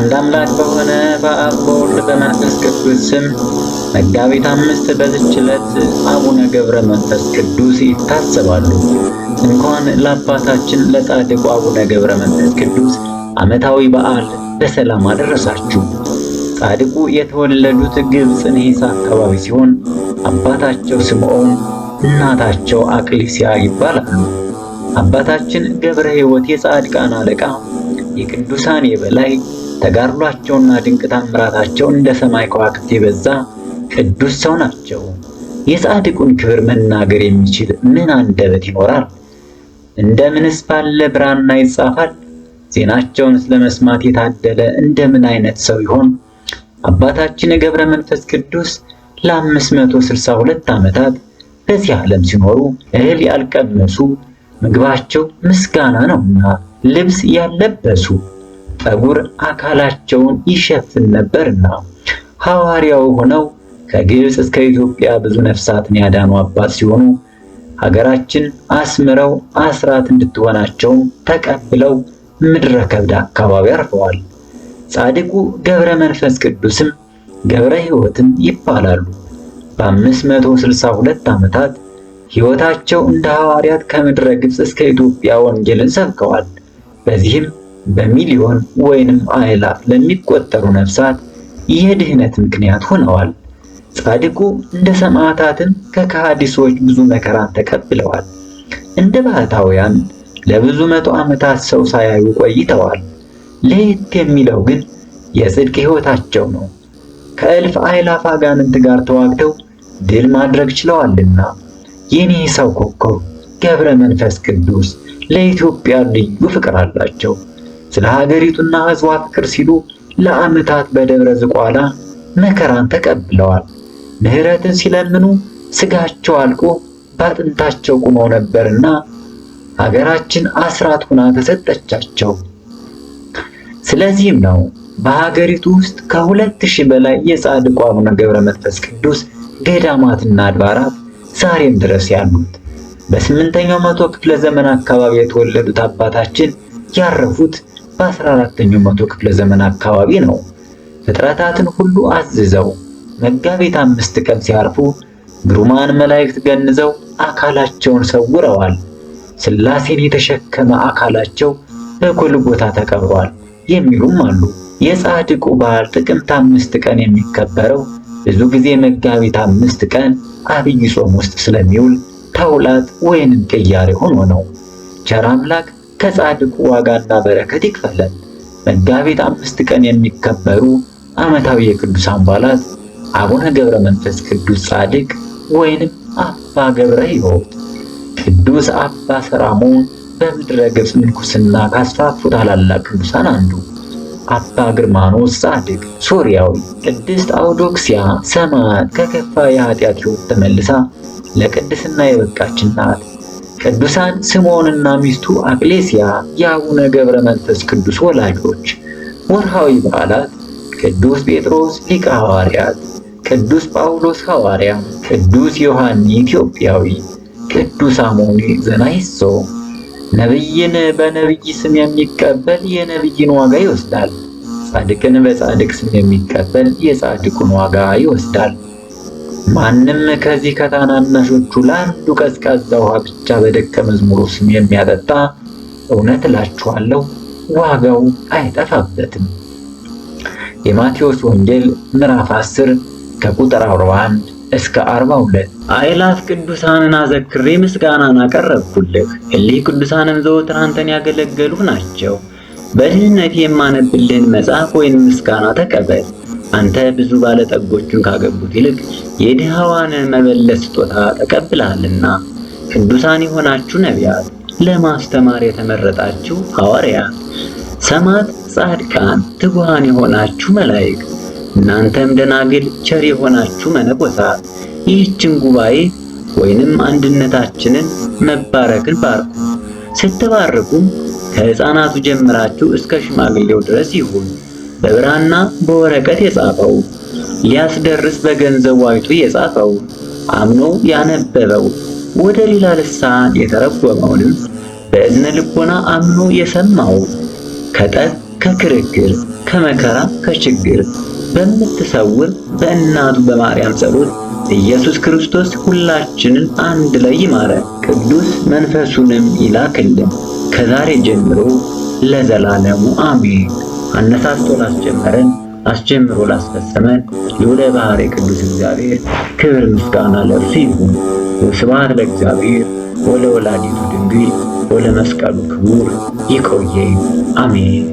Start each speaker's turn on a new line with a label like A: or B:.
A: አንድ አምላክ በሆነ በአብ በወልድ በመንፈስ ቅዱስ ስም መጋቢት አምስት በዚች ዕለት አቡነ ገብረ መንፈስ ቅዱስ ይታሰባሉ። እንኳን ለአባታችን ለጻድቁ አቡነ ገብረ መንፈስ ቅዱስ ዓመታዊ በዓል በሰላም አደረሳችሁ። ጻድቁ የተወለዱት ግብፅ ንሂሳ አካባቢ ሲሆን አባታቸው ስምዖን፣ እናታቸው አክሊሲያ ይባላሉ። አባታችን ገብረ ሕይወት የጻድቃን አለቃ የቅዱሳን የበላይ ተጋድሏቸውና ድንቅ ታምራታቸው እንደ ሰማይ ከዋክብት የበዛ ቅዱስ ሰው ናቸው። የጻድቁን ክብር መናገር የሚችል ምን አንደበት ይኖራል? እንደምንስ ባለ ብራና ይጻፋል? ዜናቸውን ለመስማት የታደለ እንደምን አይነት ሰው ይሆን? አባታችን የገብረ መንፈስ ቅዱስ ለ562 ዓመታት በዚህ ዓለም ሲኖሩ እህል ያልቀመሱ ምግባቸው ምስጋና ነውና ልብስ ያለበሱ ጠጉር አካላቸውን ይሸፍን ነበርና ሐዋርያው ሆነው ከግብፅ እስከ ኢትዮጵያ ብዙ ነፍሳትን ያዳኑ አባት ሲሆኑ ሀገራችን አስምረው አስራት እንድትሆናቸው ተቀብለው ምድረ ከብድ አካባቢ አርፈዋል። ጻድቁ ገብረ መንፈስ ቅዱስም ገብረ ሕይወትም ይባላሉ። በ562 ዓመታት ሕይወታቸው እንደ ሐዋርያት ከምድረ ግብፅ እስከ ኢትዮጵያ ወንጌልን ሰብከዋል። በዚህም በሚሊዮን ወይንም አእላፍ ለሚቆጠሩ ነፍሳት የድህነት ምክንያት ሆነዋል። ጻድቁ እንደ ሰማዕታትም ከከሃዲሶች ብዙ መከራን ተቀብለዋል። እንደ ባህታውያን ለብዙ መቶ ዓመታት ሰው ሳያዩ ቆይተዋል። ለየት የሚለው ግን የጽድቅ ሕይወታቸው ነው። ከእልፍ አእላፍ አጋንንት ጋር ተዋግተው ድል ማድረግ ችለዋልና። የኔ ሰው ኮከብ ገብረ መንፈስ ቅዱስ ለኢትዮጵያ ልዩ ፍቅር አላቸው። ስለ ሀገሪቱና ሕዝቧ ፍቅር ሲሉ ለዓመታት በደብረ ዝቋላ መከራን ተቀብለዋል። ምሕረትን ሲለምኑ ስጋቸው አልቆ በአጥንታቸው ቁመው ነበርና ሀገራችን አስራት ሁና ተሰጠቻቸው። ስለዚህም ነው በሀገሪቱ ውስጥ ከሁለት ሺህ በላይ የጻድቁ አቡነ ገብረ መንፈስ ቅዱስ ገዳማትና አድባራት ዛሬም ድረስ ያሉት። በስምንተኛው መቶ ክፍለ ዘመን አካባቢ የተወለዱት አባታችን ያረፉት በ14ኛው መቶ ክፍለ ዘመን አካባቢ ነው። ፍጥረታትን ሁሉ አዝዘው መጋቢት አምስት ቀን ሲያርፉ ግሩማን መላእክት ገንዘው አካላቸውን ሰውረዋል። ስላሴን የተሸከመ አካላቸው በጎልጎታ ተቀብሯል የሚሉም አሉ። የጻድቁ በዓል ጥቅምት አምስት ቀን የሚከበረው ብዙ ጊዜ መጋቢት አምስት ቀን አብይ ጾም ውስጥ ስለሚውል ተውላት ወይንም ቅያሬ ሆኖ ነው። ቸር አምላክ ከጻድቁ ዋጋና በረከት ይክፈለን። መጋቢት አምስት ቀን የሚከበሩ ዓመታዊ የቅዱሳን በዓላት አቡነ ገብረ መንፈስ ቅዱስ ጻድቅ ወይንም አባ ገብረ ሕይወት፣ ቅዱስ አባ ሰራሞን በምድረ ግብፅ ምንኩስና ካስፋፉ ታላላቅ ቅዱሳን አንዱ፣ አባ ግርማኖስ ጻድቅ ሶርያዊ፣ ቅድስት አውዶክሲያ ሰማዕት ከከፋ የኃጢአት ሕይወት ተመልሳ ለቅድስና የበቃች ናት። ቅዱሳን ስምዖንና ሚስቱ አቅሌስያ፣ የአቡነ ገብረ መንፈስ ቅዱስ ወላጆች። ወርሃዊ በዓላት ቅዱስ ጴጥሮስ ሊቀ ሐዋርያት፣ ቅዱስ ጳውሎስ ሐዋርያ፣ ቅዱስ ዮሐኒ ኢትዮጵያዊ፣ ቅዱስ አሞኔ ዘናይሶ። ነቢይን በነቢይ ስም የሚቀበል የነቢይን ዋጋ ይወስዳል። ጻድቅን በጻድቅ ስም የሚቀበል የጻድቁን ዋጋ ይወስዳል። ማንም ከዚህ ከታናናሾቹ ለአንዱ ቀዝቃዛ ውሃ ብቻ በደቀ መዝሙሩ ስም የሚያጠጣ እውነት እላችኋለሁ ዋጋው አይጠፋበትም። የማቴዎስ ወንጌል ምዕራፍ 10 ከቁጥር 41 እስከ 42 አእላፍ ቅዱሳንን አዘክሬ ምስጋናን አቀረብኩልህ። እሊህ ቅዱሳንም ዘወትር አንተን ያገለገሉህ ናቸው። በድህነት የማነብልህን መጽሐፍ ወይም ምስጋና ተቀበል። አንተ ብዙ ባለጠጎችን ካገቡት ይልቅ የድሃዋን መበለት ስጦታ ተቀብለሃልና ቅዱሳን የሆናችሁ ነቢያት፣ ለማስተማር የተመረጣችሁ ሐዋርያ፣ ሰማት ጻድቃን፣ ትጉሃን የሆናችሁ መላይክ እናንተም ደናግል፣ ቸር የሆናችሁ መነኮሳት ይህችን ጉባኤ ወይንም አንድነታችንን መባረክን ባርኩ። ስትባርኩም ከሕፃናቱ ጀምራችሁ እስከ ሽማግሌው ድረስ ይሁን። በብራና በወረቀት የጻፈው ሊያስደርስ በገንዘብ ዋጅቶ የጻፈው አምኖ ያነበበው ወደ ሌላ ልሳን የተረጎመውንም በእዝነ ልቦና አምኖ የሰማው ከጠብ ከክርክር ከመከራ ከችግር በምትሰውር በእናቱ በማርያም ጸሎት ኢየሱስ ክርስቶስ ሁላችንን አንድ ላይ ይማረ ቅዱስ መንፈሱንም ይላክልን ከዛሬ ጀምሮ ለዘላለሙ አሜን። አነሳስቶ ላስጀመረን አስጀምሮ ላስፈጸመን ልዑለ ባሕርይ ቅዱስ እግዚአብሔር ክብር ምስጋና ለእርሱ ይሁን። ስብሐት ለእግዚአብሔር ወለወላዲቱ ድንግል ወለመስቀሉ ክቡር። ይቆየን። አሜን።